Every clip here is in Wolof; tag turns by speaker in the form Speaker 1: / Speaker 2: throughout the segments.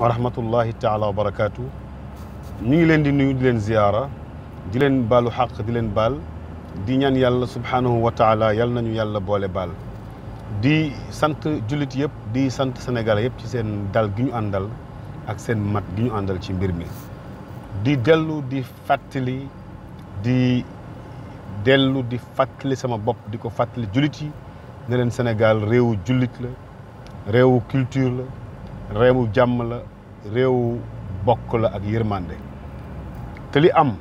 Speaker 1: ورحمه الله تعالى وبركاته ني لين دي نيو دي زياره دي لين بالو حق دي لين بال دي نيان يالا سبحانه وتعالى يال نانيو يالا بوله بال دي سانت جوليت ييب دي سانت سنغال ييب سي سن دال غي نيو اندال اك سن مات غي نيو اندال سي ميرمي دي ديلو دي فاتلي دي ديلو دي فاتلي سما بوب ديكو فاتلي جوليتي نلن سنغال ريو جوليت لا ريو كولتور لا réewu jàmm la réewu bokk la ak yërmande te li am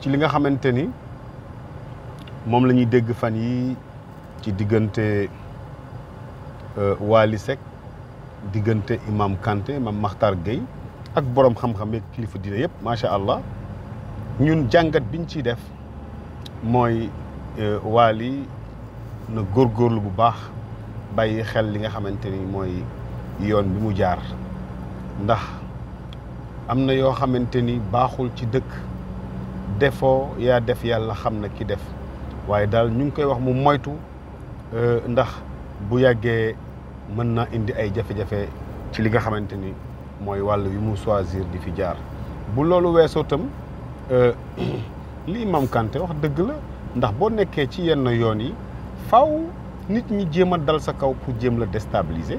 Speaker 1: ci li nga xamante ni moom la ñuy dégg fan yi ci diggante euh, Wali Seck diggante imam Kanté imam Makhtar Gueye ak boroom xam-xam yeeg kilifa diine yëpp macha allah ñun jàngat biñ ciy def mooy euh, Wali na góor góorgóorlu bu baax bàyyi xel li nga xamante ni mooy. yoon bi mu jaar ndax am na yoo xamante ni baaxul ci dëkk defoo yaa def yàlla xam na ki def waaye daal ñu ngi koy wax mu moytu euh, ndax bu yàggee mën na indi ay jafe-jafe ci li nga xamante ni mooy wàll wi mu choisir di fi jaar bu loolu weesoo tam li Imam Kanté wax dëgg la ndax boo nekkee ci yenn yoon yi faw nit ñi jéem a dal sa kaw pour jéem la destabilise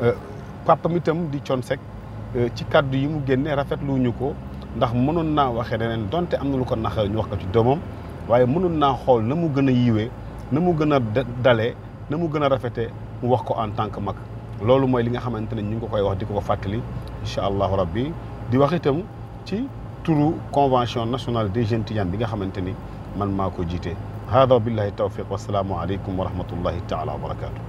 Speaker 1: Euh, papam itam di Thione Seck euh, ci kàddu yi mu génne rafetlu ñu ko ndax mënoon naa waxe ne deneen donte am na lu ko naxal ñu wax ko ci doomam waaye mënoon naa xool na mu gën a yiwee na mu gën a dalee na mu gën a rafetee mu wax ko en tant que mag loolu mooy li nga xamante ne ñu ngi ko koy wax di ko fàttali fàttali incha allahu rabbi di wax itam ci turu convention national des jeunes tidianes bi nga xamante ni man maa ko jiite hada wa billahi tawfiq wasalaamu aleykum wa rahmatullahi taala wa barakatu